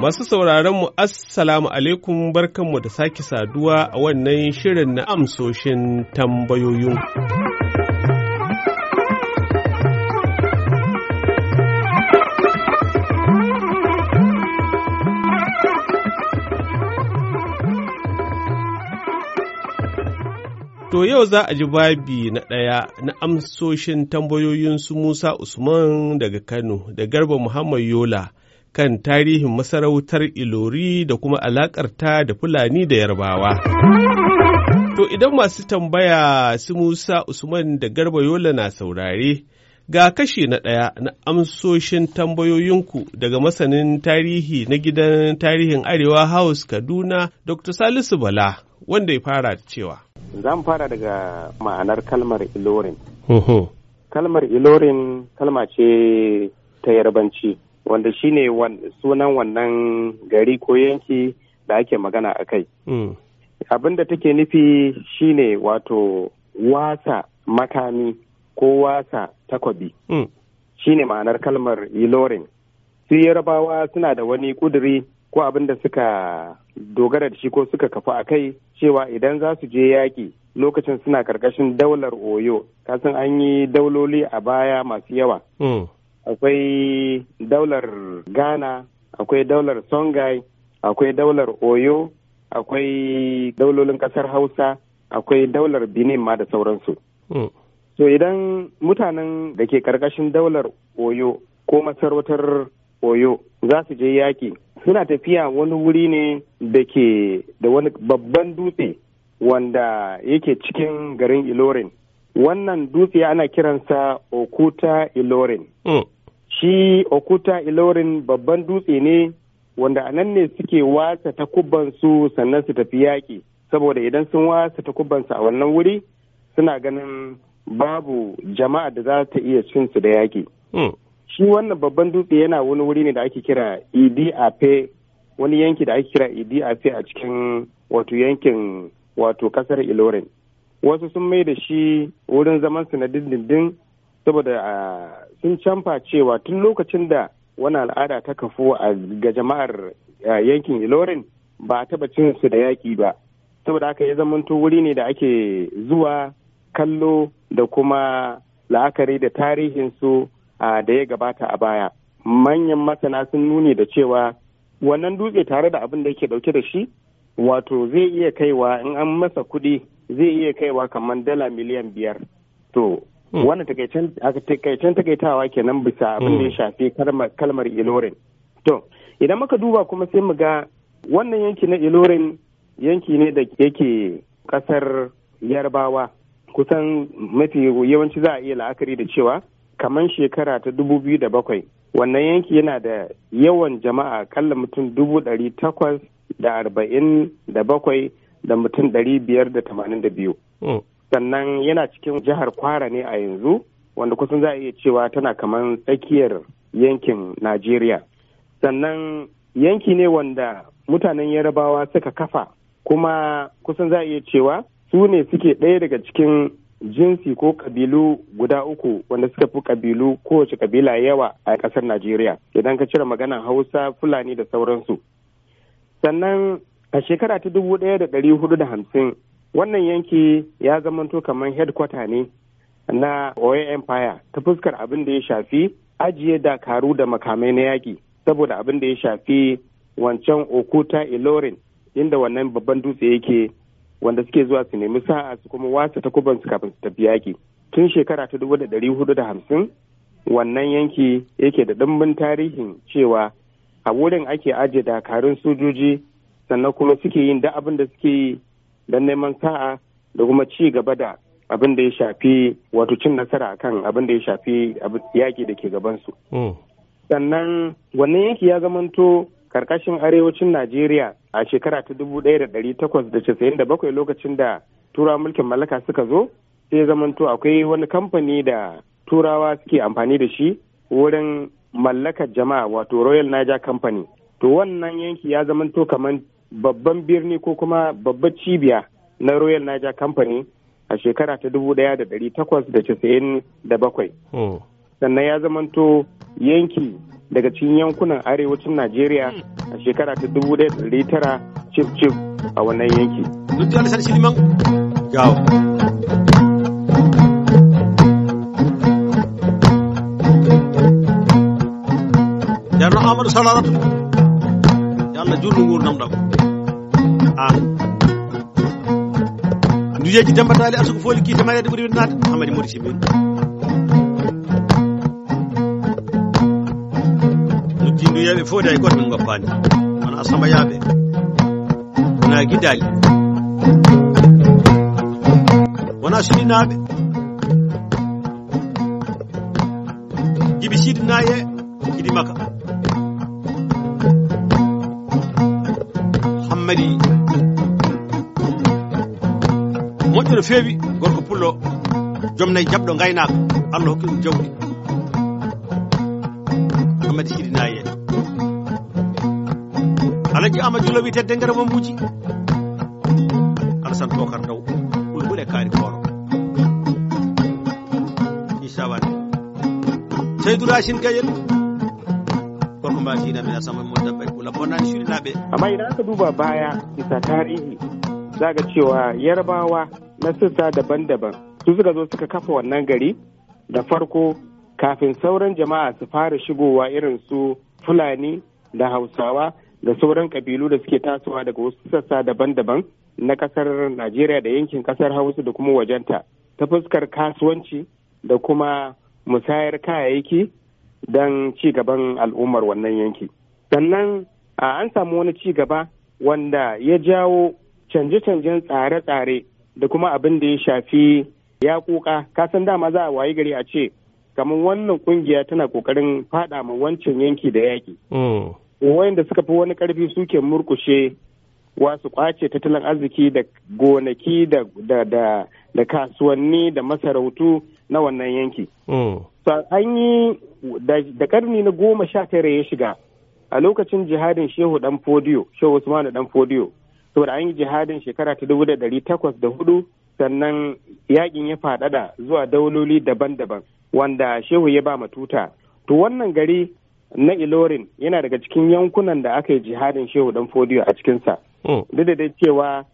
Masu sauraron mu assalamu alaikum barkanmu da sake saduwa a wannan shirin na amsoshin tambayoyin. To yau za a ji babi na ɗaya na amsoshin tambayoyin su Musa Usman daga Kano da Garba Muhammad Yola kan tarihin masarautar Ilori da kuma alakarta da Fulani da Yarbawa. To idan masu tambaya su Musa Usman da Garba Yola na saurare, ga kashi na ɗaya na amsoshin tambayoyinku daga masanin tarihi na gidan tarihin Arewa House Kaduna Dr. Salisu Bala wanda ya fara cewa. Zan fara daga ma'anar kalmar Ilorin. Kalmar Ilorin kalma ce ta yarbanci. wanda shine sunan wannan gari ko yanki da ake magana a kai. Mm. Abin da take nufi shine wato wasa makami ko wasa takwabi. Mm. Shine ma'anar kalmar ilorin. Su yarabawa suna da wani kuduri ko abin da suka dogara da shi ko suka kafa a kai cewa idan za su je yaƙi lokacin suna karkashin daular oyo kasan an yi dauloli a baya masu yawa. Mm. akwai daular ghana akwai daular songhai akwai daular oyo akwai daulolin kasar hausa akwai daular benin ma da sauransu hmm. so idan mutanen da ke karkashin daular oyo ko masarautar oyo za su je yaƙi suna tafiya wani wuri ne da ke da wani babban dutse wanda yake cikin garin ilorin wannan dutse ana kiransa okuta ilorin mm. shi okuta ilorin babban dutse ne wanda anan ne suke wasa ta takubansu sannan su tafi yaƙi saboda idan sun wasa ta takubansu a wannan wuri suna ganin babu jama'a da za ta iya cin su da yaƙi mm. shi wannan babban dutse yana wani wuri ne da ake kira idi afe wani yanki da ake kira idi afe a cikin wato yankin wato kasar ilorin wasu sun mai da shi wurin zaman su na dindindin saboda sun canfa cewa tun lokacin da wani al'ada ta kafu ga jama'ar yankin ilorin ba a taba cin su da yaƙi ba saboda haka ya zamanto wuri ne da ake zuwa kallo da kuma la'akari da tarihin tarihinsu da ya gabata a baya manyan masana sun nuni da cewa wannan dutse tare da abin da yake dauke da shi wato zai iya kaiwa in an masa kuɗi zai iya kaiwa kamar dala miliyan biyar to hmm. wani takaicen takaitawa kenan bisa abin da ya hmm. shafi kalmar ilorin to idan muka duba kuma sai mu ga wannan yanki na ilorin yanki ne da yake kasar yarbawa kusan mafi yawanci za a iya la'akari da cewa kamar shekara ta dubu biyu da bakwai wannan yanki yana da yawan jama'a kalla mutum dubu ɗari takwas da arba'in da bakwai da mutum ɗari biyar da tamanin da biyu. Hmm. Sannan yana cikin jihar Kwara ne a yanzu wanda kusan za a iya cewa tana kamar tsakiyar yankin Najeriya. Sannan yanki ne wanda mutanen Yarabawa suka kafa kuma kusan za a iya cewa su ne suke ɗaya daga cikin jinsi ko kabilu guda uku wanda suka fi kabilu kowace kabila yawa a ƙasar Najeriya idan ka cire maganan Hausa, Fulani da sauransu. Sannan A shekara ta dubu ɗaya da ɗari hudu da hamsin wannan yanki ya zamanto kamar headquarter ne na Oyo Empire ta fuskar abin da ya shafi ajiye dakaru da makamai na yaƙi saboda abin da ya shafi wancan Okuta Ilorin inda wannan babban dutse yake wanda suke zuwa su nemi sa'a su kuma wasa ta su kafin su tafi yaƙi. Tun shekara ta dubu da ɗari hudu da hamsin wannan yanki yake da ɗimbin tarihin cewa a wurin ake ajiye dakarun sojoji sannan kuma suke yin da abin da suke yi don neman sa'a da kuma ci gaba da abin da ya shafi wato cin nasara akan abin da ya shafi yaƙi da ke gabansu. Hmm. Sannan wannan yanki ya zamanto karkashin arewacin Najeriya a shekara ta dubu ɗaya da ɗari takwas da casa'in da bakwai lokacin da turawa mulkin mallaka suka zo sai zamanto akwai wani kamfani da turawa suke amfani da shi wurin mallakar jama'a wato Royal Niger Company. To wannan yanki ya zamanto kamar babban birni ko kuma babbar cibiya na royal niger company a shekara ta 1897 hmm. sannan ya zamanto yanki daga cikin yankunan arewacin najeriya a shekara ta 1900 cif cif a wannan yanki Yalla amal salah tu. dujeji demba taali arsugo fooli kiite mayede ɓuuri winnade hamadi modi simin noddiduyeɓe foodi hay goto min goppani wona asamayaɓe wona guidali wona suninaɓe jibi siidi naye jiɗi makka hammadi no feewi gorko pullo joom nayi jaɓɗo gaynako allah hokki ɗum jawdi amadi siɗi nayi en alaji amadou lo wi tedde ngara wambuji alasan bocar daw ɓulɓuɗe kaari kooro isawan seydou rachin gayel gorko mbasina min asama mo dabba e ɓula bonnani suɗinaɓe amma iɗa duba baya isa tarihi zaga cewa yarbawa na sassa daban-daban su suka zo suka kafa wannan gari da farko kafin sauran jama'a su fara shigowa irin su fulani da hausawa da sauran kabilu da suke tasowa daga wasu sassa daban-daban na kasar najeriya da yankin kasar hausa da kuma wajenta ta fuskar kasuwanci da kuma musayar kayayyaki don ci gaban al'ummar wannan yanki sannan an samu wani ci gaba wanda ya jawo canje-canjen tsare-tsare da kuma abin da ya shafi ya kuka kasan dama za a wayi gari a ce kamar wannan kungiya tana kokarin fada ma wancan yanki da yaki mm. wayanda suka fi wani karfi suke murkushe wasu kwace tattalin arziki da gonaki da kasuwanni da masarautu na wannan yanki mm. an yi da karni na goma sha tara ya shiga a lokacin jihadin shehu dan fodiyo shehu usmanu dan fodiyo saboda an yi jihadin shekara ta dubu da dari takwas da hudu sannan yakin ya faɗaɗa zuwa dauloli daban-daban wanda shehu ya ba matuta to wannan gari na ilorin yana daga cikin yankunan da aka yi jihadin shehu dan fodiyo a cikinsa hmm. duk da dai cewa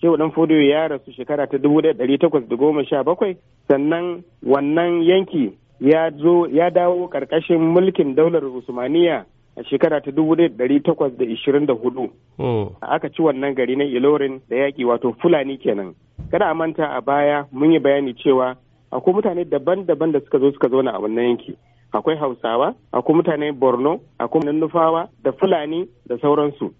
shehu dan fodiyo ya rasu shekara ta dubu da dari takwas da goma sha bakwai sannan wannan yanki ya zo ya dawo karkashin mulkin daular usmaniya a shekara ta dubu ɗari takwas da ishirin da hudu hmm. aka ci wannan gari na ilorin da yaƙi wato fulani kenan kada a manta a baya mun yi bayani cewa akwai mutane daban-daban da suka zo suka zauna a wannan yanki akwai hausawa akwai mutane borno akwai nufawa da fulani da sauransu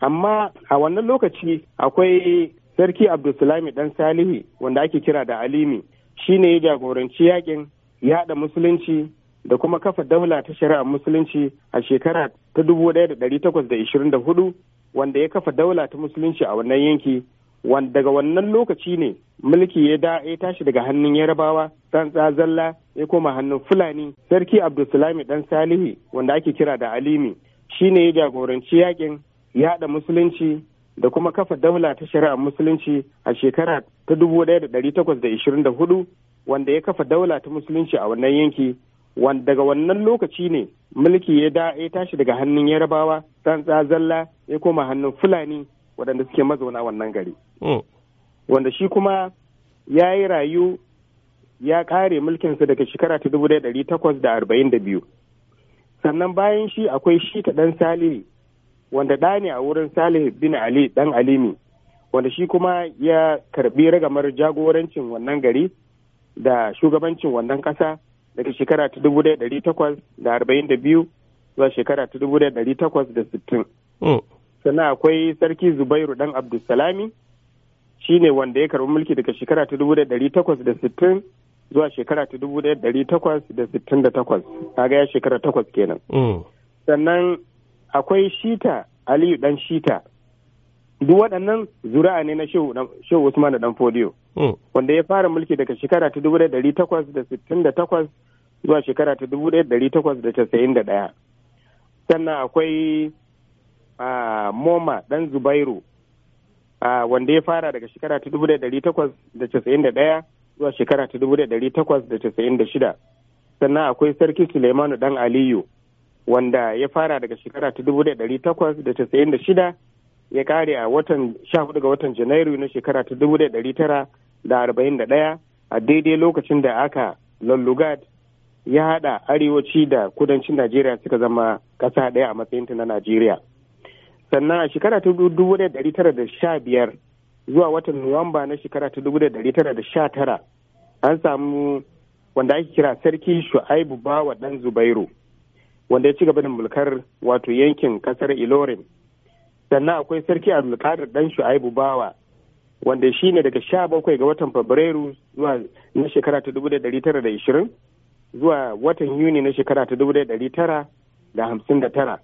amma a wannan lokaci akwai sarki abdulsalami dan salihu wanda ake kira da alimi shine ya jagoranci yaƙin yaɗa musulunci da kuma kafa daula ta shari'ar musulunci a shekara ta 1824 wanda ya kafa daula ta musulunci a wannan yanki wanda daga wannan lokaci ne mulki ya da ya tashi daga hannun yarabawa dan zalla ya koma hannun fulani sarki abdulsalami dan salihi wanda ake kira da alimi shine ya jagoranci yakin yaɗa musulunci da kuma kafa daula ta shari'a musulunci a shekara ta 1824 wanda ya kafa daula ta musulunci a wannan yanki wanda daga wannan lokaci ne mulki ya da ya tashi daga hannun yarabawa san zalla ya koma hannun fulani waɗanda suke mazauna wannan gari hmm. wanda shi kuma ya yi rayu ya kare mulkinsa daga shekara ta dubu ɗari takwas da arba'in da biyu sannan bayan shi akwai shi ta ɗan salihu wanda ɗa ne a wurin salihu bin ali ɗan alimi wanda shi kuma ya karbi ragamar jagorancin wannan gari da shugabancin wannan ƙasa daga shekara ta dubu da ɗari takwas da arba'in da biyu zuwa shekara ta dubu da ɗari takwas da sittin. Oh. Sannan akwai Sarki Zubairu ɗan Abdulsalami shi ne wanda ya karɓi mulki daga shekara ta dubu da ɗari takwas da sittin zuwa shekara ta dubu da ɗari takwas da sittin da takwas. Kaga ya shekara takwas kenan. Oh. Sannan akwai Shita Aliyu ɗan Shita duk waɗannan zuri'a ne na shehu usman da danfodiyo hmm. wanda ya fara mulki daga shekara ta dubu ɗari takwas da sittin da takwas zuwa shekara ta dubu ɗari takwas da casa'in da ɗaya sannan akwai moma ɗan zubairu wanda ya fara daga shekara ta dubu ɗari takwas da casa'in da ɗaya zuwa shekara ta dubu ɗari takwas da casa'in da shida sannan akwai sarki suleimanu ɗan aliyu wanda ya fara daga shekara ta dubu ɗari takwas da casa'in da shida ya kare a watan 14 ga watan janairu na shekara ta 1941 a daidai lokacin da aka lullugat ya hada arewaci da kudancin najeriya suka zama kasa daya a matsayinta na najeriya sannan a shekara ta 1915 zuwa watan nuwamba na shekara ta 1919 an samu wanda ake kira sarki shu'aibu bawa dan zubairu wanda ya ci gaba da mulkar wato yankin kasar ilorin sannan akwai sarki abdulkadir dan shu'aibu bawa wanda shi ne daga sha bakwai ga watan fabrairu zuwa na shekara ta dubu dari tara da ishirin zuwa watan yuni na shekara ta dubu dari tara da hamsin da tara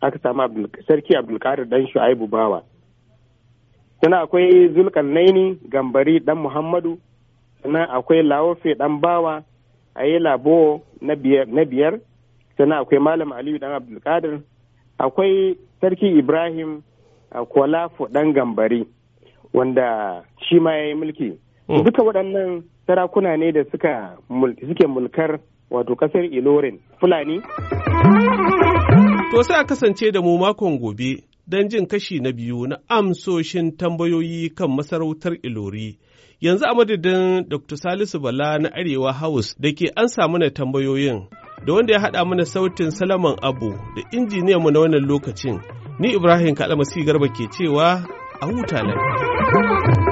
aka samu sarki abdulkadir dan shu'aibu bawa sannan akwai naini gambari dan muhammadu sannan akwai lawofe dan bawa a yi labo na biyar sannan akwai malam aliyu dan abdulkadir akwai sarki ibrahim kwalafu ɗan gambari wanda shi ma ya yi mulki hmm. duka waɗannan sarakuna ne da suka suke mulkar wato kasar ilorin fulani to sai a kasance da mu makon gobe don jin kashi na biyu na amsoshin tambayoyi kan masarautar ilori yanzu a madadin dr salisu bala na arewa house da ke an samu na tambayoyin da wanda ya haɗa mana sautin Salaman Abu da injiniyan mu na wannan lokacin. Ni Ibrahim Masu Garba ke cewa a huta lafiya.